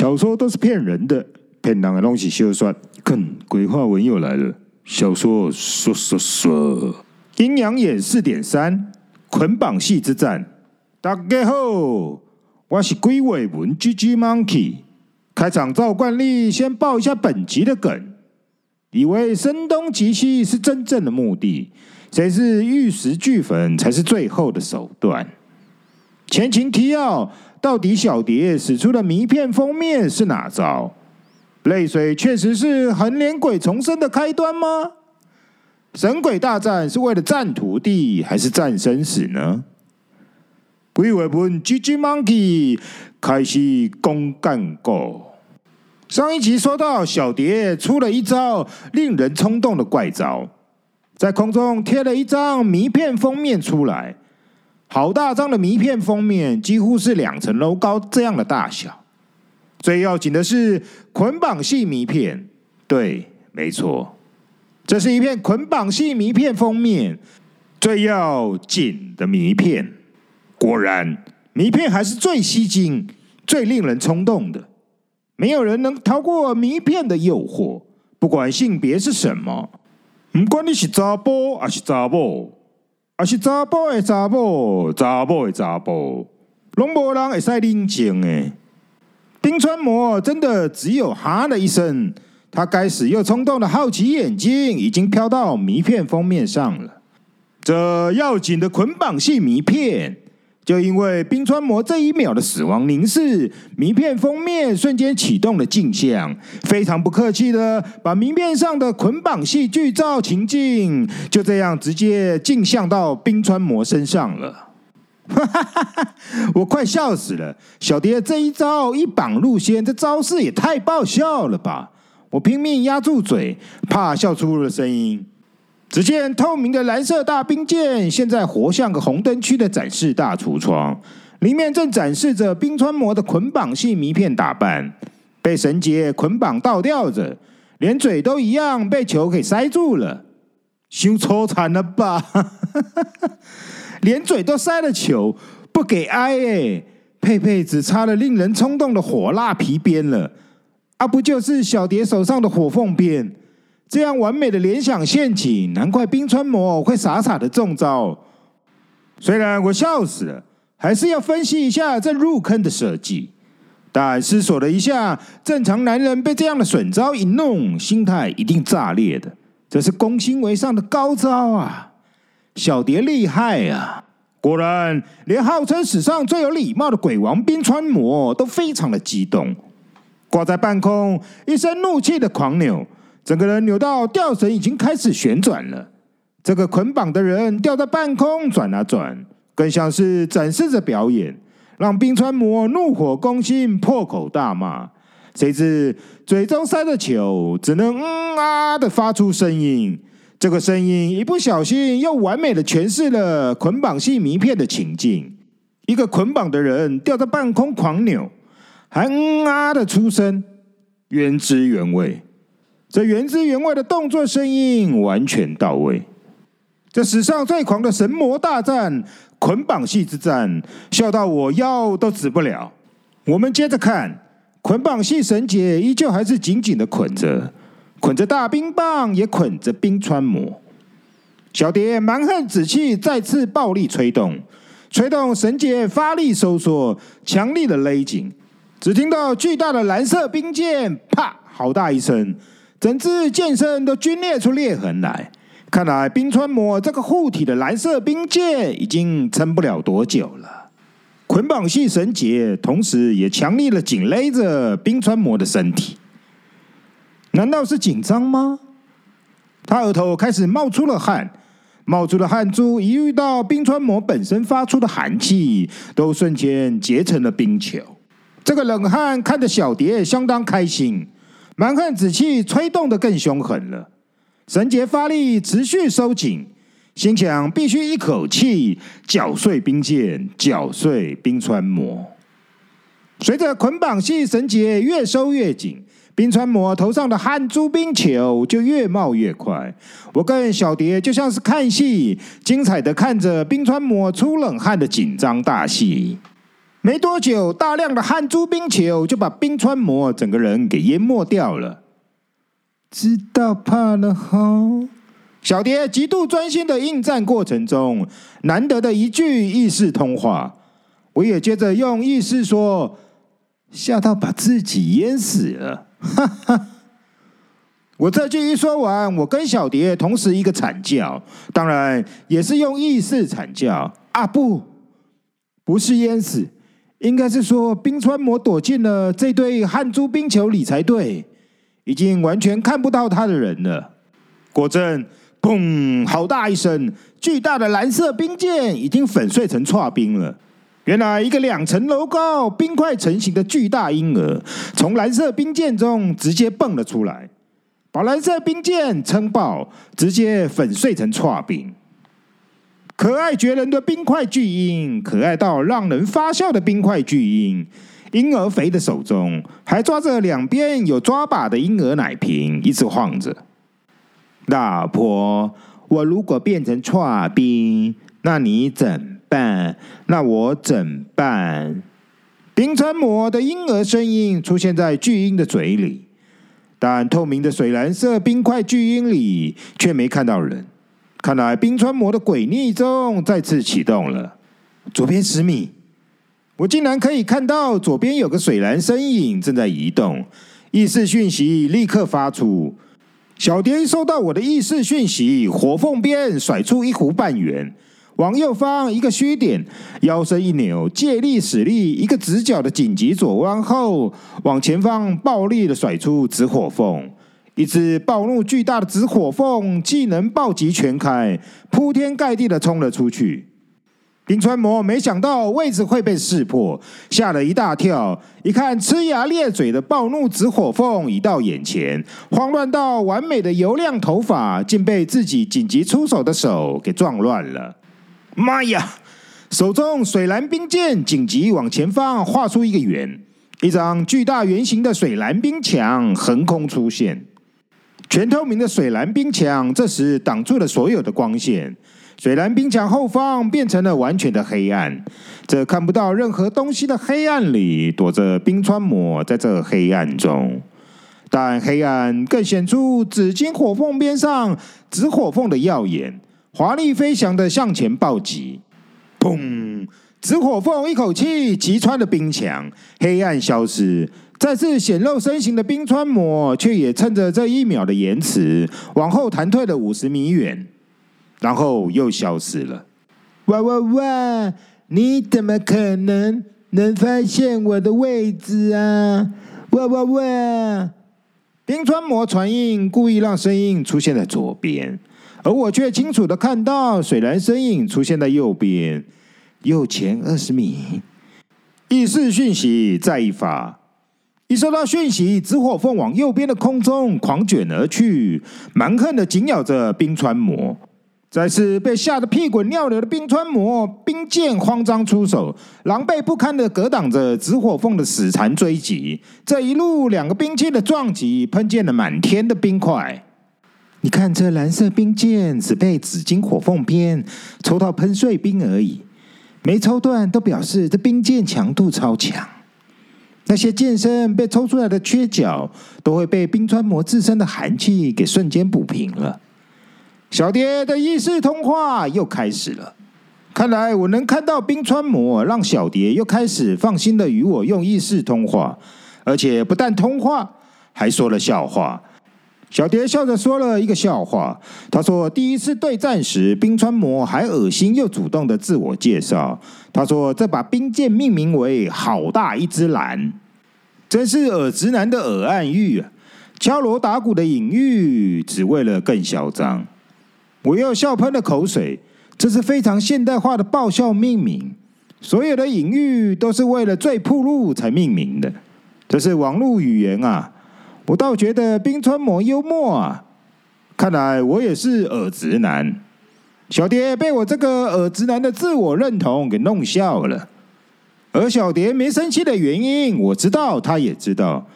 小說都是騙人的，騙人的東西就算看，鬼話文又來了，小說說說說。陰陽眼四點三，捆綁系之戰。大家好，我是鬼話文 GG Monkey。開場照慣例，先報一下本集的梗。以為聲東擊西是真正的目的，誰知玉石俱焚才是最後的手段。前情提要：到底小蝶使出的謎片封面是哪招？淚水確實是橫臉鬼重生的開端嗎？神鬼大戰是為了戰徒弟還是戰生死呢？鬼話文 GGmonkey 開始公幹過。上一集說到，小蝶出了一招令人衝動的怪招，在空中貼了一張謎片封面出來。好大張的謎片封面，幾乎是兩層樓高這樣的大小。最要緊的是捆綁系謎片，對，沒錯，這是一片捆綁系謎片封面。最要緊的謎片，果然，謎片還是最吸睛、最令人衝動的。沒有人能逃過謎片的誘惑，不管性別是什麼，不管你是查波還是查某。而是查甫的查甫，查甫的查甫，攏無人會使冷靜誒。冰穿魔真的只有哈了一聲，他該死又衝動的好奇眼睛已經飄到謎片封面上了，這要緊的捆綁系謎片。就因為冰穿魔這一秒的死亡凝視，謎片封面瞬間啟動了鏡像，非常不客氣的把謎片上的捆綁系劇照情境，就這樣直接鏡像到冰穿魔身上了。哈哈哈，我快笑死了！小蝶這一招一綁路線，這招式也太爆笑了吧！我拼命壓住嘴，怕笑出了聲音。只見透明的藍色大冰劍，現在活像個紅燈區的展示大櫥窗，裡面正展示着冰穿魔的捆綁系迷片打扮，被繩結捆綁倒吊着，連嘴都一樣被球給塞住了，羞抽慘了吧？哈哈哈哈連嘴都塞了球，不給挨哎、欸！佩佩只差了令人衝動的火辣皮鞭了，啊，不就是小蝶手上的火鳳鞭？這樣完美的聯想陷阱，難怪冰穿魔會傻傻的中招。雖然我笑死了，還是要分析一下這入坑的設計。但思索了一下，正常男人被這樣的損招一弄，心態一定炸裂的。這是攻心為上的高招啊！小蝶厲害啊！果然，連號稱史上最有禮貌的鬼王冰穿魔都非常的激動，掛在半空，一身怒氣的狂扭。整個人扭到吊繩已經開始旋轉了，這個捆綁的人吊在半空轉啊轉，更像是展示着表演，讓冰穿魔怒火攻心，破口大罵。誰知嘴中塞着球，只能嗯啊的發出聲音。這個聲音一不小心又完美地詮釋了捆綁系謎片的情境：一個捆綁的人吊在半空狂扭，還嗯啊的出聲，原汁原味。這原汁原味的動作聲音完全到位。這史上最狂的神魔大戰捆綁系之戰，笑到我腰都直不了。我們接着看，捆綁系繩結依舊還是緊緊的捆着，捆着大冰棒也捆着冰穿魔。小蝶蠻橫紫氣再次暴力吹動，吹動繩結發力收縮，強力的勒緊。只聽到巨大的藍色冰劍啪，好大一聲。整支劍身都龜裂出裂痕來，看來冰穿魔這個護體的藍色冰劍已經撐不了多久了。綑綁繫繩結，同時也強力地緊勒着冰穿魔的身體。難道是緊張嗎？他額頭開始冒出了汗，冒出了汗珠，一遇到冰穿魔本身發出的寒氣，都瞬間結成了冰球。這個冷汗看得小蝶相當開心。蠻橫紫氣吹動得更凶狠了，繩結發力持續收緊，心想必須一口氣絞碎冰劍，絞碎冰穿魔。隨着捆綁繫繩結越收越緊，冰穿魔頭上的汗珠冰球就越冒越快。我跟小蝶就像是看戲，精彩地看着冰穿魔出冷汗的緊張大戲。沒多久，大量的汗珠冰球就把冰穿魔整個人給淹沒掉了。知道怕了哈！小蝶極度專心的應戰過程中，難得的一句意識通話，我也接着用意識說：“嚇到把自己淹死了。”哈哈！我這句一說完，我跟小蝶同時一個慘叫，當然也是用意識慘叫。啊，不，不是淹死。應該是說，冰穿魔躲進了這對汗珠冰球裡才對，已經完全看不到他的人了。果真，砰！好大一聲，巨大的藍色冰劍已經粉碎成剉冰了。原來，一個兩層樓高、冰塊成型的巨大嬰兒，從藍色冰劍中直接蹦了出來，把藍色冰劍撐爆，直接粉碎成剉冰。可愛絕人的冰塊巨嬰，可愛到讓人發笑的冰塊巨嬰，嬰兒肥的手中還抓着兩邊有抓把的嬰兒奶瓶，一直晃着。老婆，我如果變成塊冰，那你怎麼辦？那我怎麼辦？冰穿魔的嬰兒聲音出現在巨嬰的嘴裡，但透明的水藍色冰塊巨嬰裡卻沒看到人。看來冰穿魔的鬼匿蹤再次啟動了。左邊十米，我竟然可以看到左邊有個水藍身影正在移動。意識訊息立刻發出。小蝶收到我的意識訊息，火鳳鞭甩出一弧半圓，往右方一個虛點，腰身一扭，借力使力，一個直角的緊急左彎後，往前方暴力的甩出紫火鳳。一隻暴怒巨大的紫火鳳技能暴擊全開，鋪天蓋地的衝了出去。冰穿魔沒想到位置會被識破，嚇了一大跳。一看呲牙咧嘴的暴怒紫火鳳已到眼前，慌亂到完美的油亮頭髮竟被自己緊急出手的手給撞亂了。媽呀！手中水藍冰劍緊急往前方畫出一個圓，一張巨大圓形的水藍冰牆橫空出現。全透明的水藍冰牆，這時擋住了所有的光線。水藍冰牆後方變成了完全的黑暗。這看不到任何東西的黑暗裡，躲着冰穿魔。在這黑暗中，但黑暗更顯出紫金火鳳邊上紫火鳳的耀眼，華麗飛翔的向前暴擊，砰！紫火鳳一口氣擊穿了冰牆，黑暗消失。再次顯露身形的冰穿魔，卻也趁着這一秒的延遲，往後彈退了五十米遠，然後又消失了。哇哇哇！你怎麼可能能發現我的位置啊？哇哇哇！冰穿魔傳音故意讓聲音出現在左邊，而我卻清楚的看到水藍聲音出現在右邊，右前二十米。意識訊息再一發。一收到訊息，紫火鳳往右邊的空中狂捲而去，蠻橫的緊咬着冰穿魔。再次被嚇得屁滾尿流的冰穿魔，冰劍慌張出手，狼狽不堪的格擋着紫火鳳的死纏追擊。這一路，兩個兵器的撞擊，噴濺了滿天的冰塊。你看，這藍色冰劍只被紫金火鳳鞭抽到噴碎冰而已，沒抽斷，都表示這冰劍強度超強。那些劍身被抽出來的缺角，都會被冰穿魔自身的寒氣給瞬間補平了。小蝶的意識通話又開始了。看來我能看到冰穿魔，讓小蝶又開始放心的與我用意識通話，而且不但通話，還說了笑話。小蝶笑着說了一個笑話。他說第一次對戰時，冰穿魔還噁心又主動的自我介紹。他說這把冰劍命名為“好大一只藍”。真是耳直男的耳暗喻啊，敲鑼打鼓的隱喻，只為了更囂張。我又笑噴了口水，這是非常現代化的爆笑命名。所有的隱喻都是為了最鋪路才命名的，這是網絡語言啊。我倒覺得冰穿魔幽默啊，看來我也是耳直男。小蝶被我這個耳直男的自我認同給弄笑了。而小蝶沒生氣的原因，我知道，她也知道，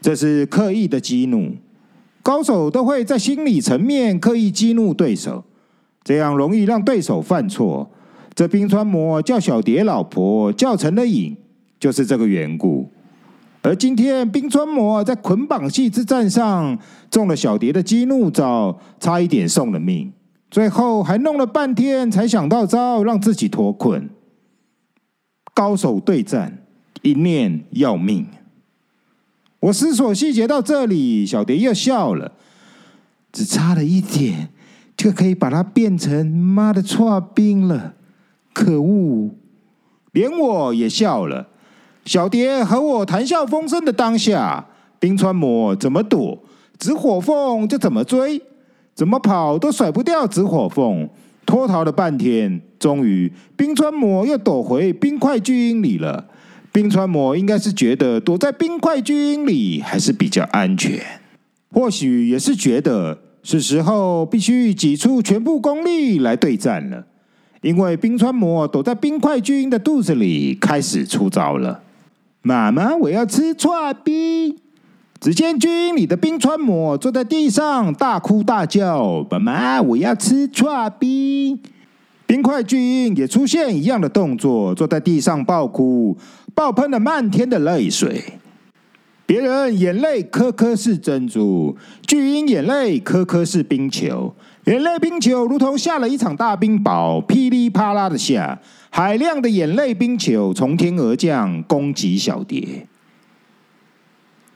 這是刻意的激怒。高手都會在心理層面刻意激怒對手，這樣容易讓對手犯錯。這冰穿魔叫小蝶老婆叫成了癮，就是這個緣故。而今天冰穿魔在捆綁系之戰上中了小蝶的激怒招，差一點送了命，最後還弄了半天才想到招讓自己脫困。高手對戰，一念要命。我思索細節到這裡，小蝶又笑了，只差了一點，就可以把它變成媽的剉冰了。可惡！連我也笑了。小蝶和我談笑風生的當下，冰穿魔怎麼躲，紫火鳳就怎麼追，怎麼跑都甩不掉紫火鳳。脫逃了半天，終於冰穿魔又躲回冰塊巨鷹裡了。冰穿魔應該是覺得躲在冰塊巨鷹裡還是比較安全，或許也是覺得是時候必須擠出全部功力來對戰了。因為冰穿魔躲在冰塊巨鷹的肚子裡開始出招了。媽媽，我要吃剉冰。只見巨嬰裡的冰川魔坐在地上大哭大叫：“爸媽，我要吃剉冰！”冰塊巨嬰也出現一樣的動作，坐在地上爆哭，爆噴了漫天的淚水。別人眼淚顆顆是珍珠，巨嬰眼淚顆顆是冰球，眼淚冰球如同下了一場大冰雹，噼裡啪啦的下，海量的眼淚冰球從天而降，攻擊小蝶。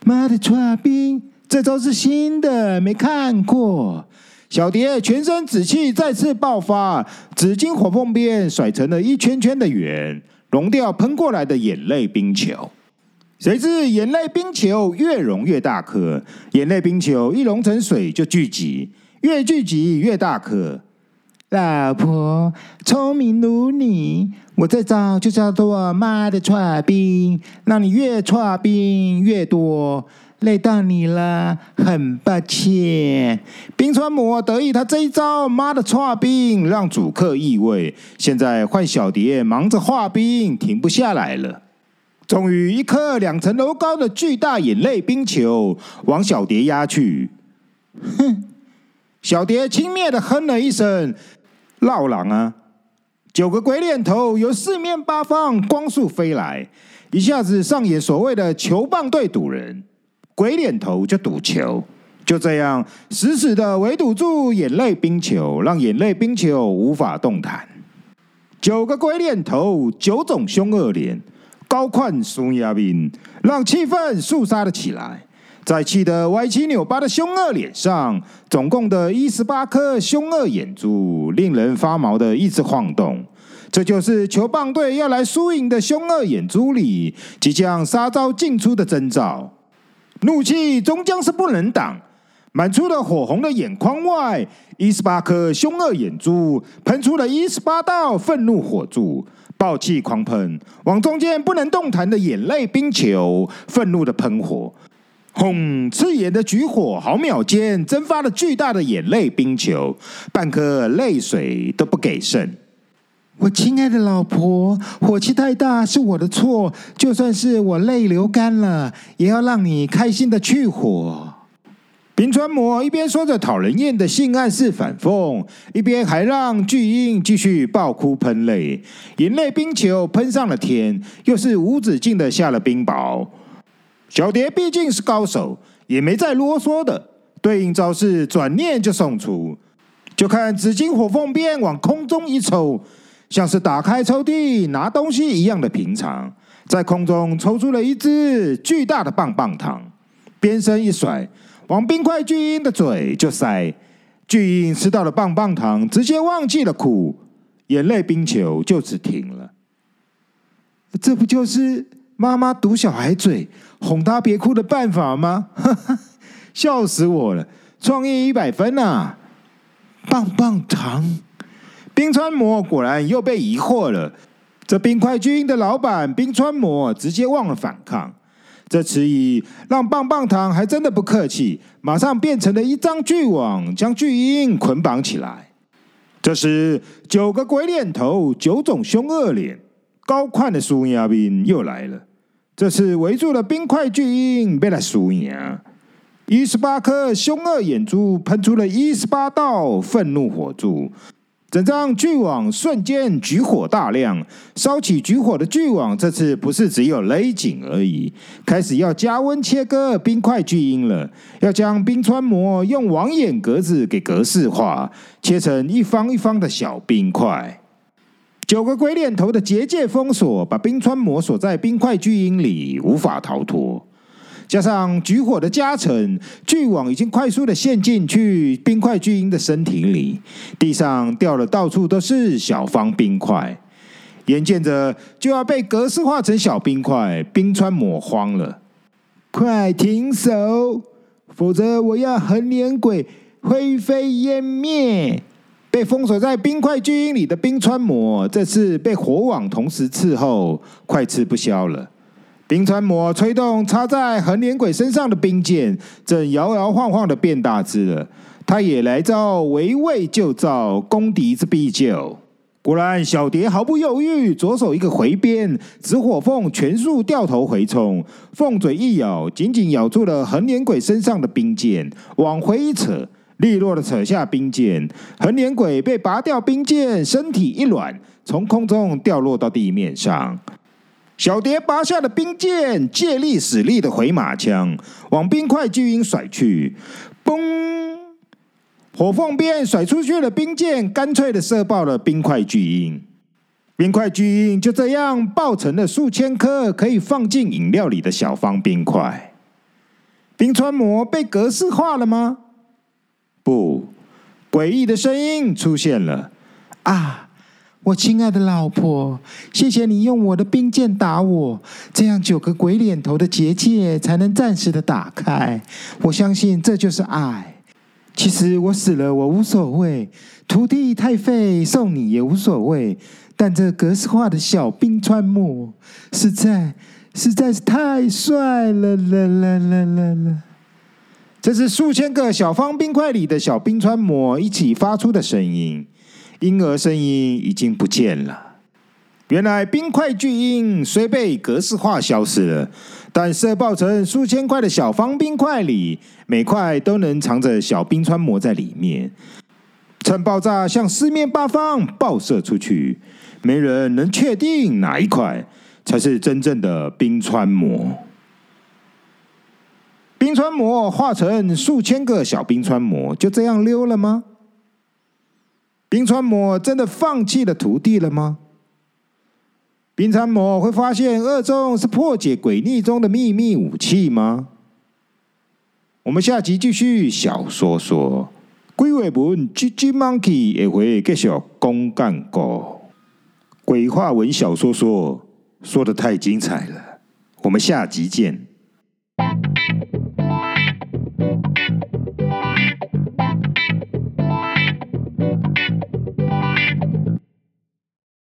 媽的，抓冰！這招是新的，沒看過。小蝶全身紫氣再次爆發，紫金火鳳鞭，甩成了一圈圈的圓，融掉噴過來的眼淚冰球。誰知眼淚冰球越融越大顆，眼淚冰球一融成水就聚集，越聚集越大顆。老婆聰明如你，我這招就叫做“媽的搓冰”，讓你越搓冰越多，累到你了，很抱歉。冰川魔得意他這一招“媽的搓冰”，讓主客異位。現在換小蝶忙着化冰，停不下來了。終於，一顆兩層樓高的巨大眼淚冰球往小蝶壓去。哼，小蝶輕蔑的哼了一聲。鬧狼啊！九個鬼臉頭由四面八方光速飛來，一下子上演所謂的球棒對賭人，鬼臉頭就賭球，就這樣死死的圍堵住眼淚冰球，讓眼淚冰球無法動彈。九個鬼臉頭，九種凶惡臉，高寬松壓兵，讓氣氛肅殺了起來。在氣得歪七扭八的兇惡臉上，總共的一十八顆兇惡眼珠，令人發毛的一直晃動。這就是球棒隊要來輸贏的兇惡眼珠裡即將殺招盡出的徵兆。怒氣終將是不能擋，滿出了火紅的眼眶外，一十八顆兇惡眼珠噴出了一十八道憤怒火柱，爆氣狂噴，往中間不能動彈的眼淚冰球，憤怒的噴火。轟！刺眼的橘火，毫秒間蒸發了巨大的眼淚冰球，半顆淚水都不給剩。我親愛的老婆，火氣太大是我的錯，就算是我淚流乾了，也要讓你開心的去火。冰川魔一邊說着討人厭的性暗示反諷，一邊還讓巨嬰繼續爆哭噴淚。眼淚冰球噴上了天，又是無止境的下了冰雹。小蝶畢竟是高手，也沒再囉嗦的，對應招式轉念就送出。就看紫金火鳳鞭往空中一抽，像是打開抽屜拿東西一樣的平常，在空中抽出了一隻巨大的棒棒糖，鞭身一甩，往冰塊巨鷹的嘴就塞。巨鷹吃到了棒棒糖，直接忘記了哭，眼淚冰球就此停了。這不就是？媽媽堵小孩嘴，哄他別哭的辦法嗎？呵呵笑死我了！創意一百分啊！棒棒糖，冰穿魔果然又被疑惑了。這冰塊巨嬰的老闆冰穿魔直接忘了反抗。這遲疑讓棒棒糖還真的不客氣，馬上變成了一張巨網，將巨嬰捆綁起來。這時，九個鬼臉頭，九種兇惡臉，高寬的蘇亞兵又來了。這次圍住了冰塊巨鷹，被它撕咬。一十八顆兇惡眼珠噴出了一十八道憤怒火柱，整張巨網瞬間橘火大亮。燒起橘火的巨網，這次不是只有勒緊而已，開始要加溫切割冰塊巨鷹了。要將冰穿魔用網眼格子給格式化，切成一方一方的小冰塊。九個鬼臉頭的結界封鎖，把冰穿魔鎖在冰塊巨鷹裡，無法逃脫。加上舉火的加成，巨網已經快速的陷進去冰塊巨鷹的身體裡。地上掉了到處都是小方冰塊，眼見着就要被格式化成小冰塊。冰穿魔慌了，快停手，否則我要橫臉鬼灰飛煙滅！被封鎖在冰塊巨鷹裡的冰穿魔，這次被火網同時伺候，快吃不消了。冰穿魔吹動插在橫臉鬼身上的冰劍，正搖搖晃晃的變大只了。他也來招圍魏救趙，攻敵之必救。果然，小蝶毫不猶豫，左手一個回鞭，紫火鳳全速掉頭回衝，鳳嘴一咬，緊緊咬住了橫臉鬼身上的冰劍，往回一扯。利落的扯下冰劍，橫臉鬼被拔掉冰劍，身體一軟，從空中掉落到地面上。小蝶拔下的冰劍借力使力的回馬槍，往冰塊巨鷹甩去，嘣！火鳳鞭甩出去的冰箭，乾脆的射爆了冰塊巨鷹。冰塊巨鷹就這樣爆成了數千顆可以放進飲料裡的小方冰塊。冰穿魔被格式化了嗎？不，詭異的聲音出現了。啊，我親愛的老婆，謝謝你用我的冰劍打我，這樣九個鬼臉頭的結界才能暫時的打開。我相信這就是愛。其實我死了，我無所謂。徒弟太廢，送你也無所謂。但這格式化的小冰穿魔，實在實在是太帥了,了,了,了,了！來來來來這是數千個小方冰塊裡的小冰穿魔一起發出的聲音，嬰兒聲音已經不見了。原來冰塊巨嬰雖被格式化消失了，但射爆成數千塊的小方冰塊裡，每塊都能藏着小冰穿魔在裡面。趁爆炸向四面八方爆射出去，沒人能確定哪一塊才是真正的冰穿魔。冰穿魔化成數千個小冰穿魔，就這樣溜了嗎？冰穿魔真的放棄了徒弟了嗎？冰穿魔會發現二中是破解鬼匿蹤的秘密武器嗎？我們下集繼續小說說鬼話文，GGmonkey 也會繼續公幹過鬼話文小說說說的太精彩了，我們下集見。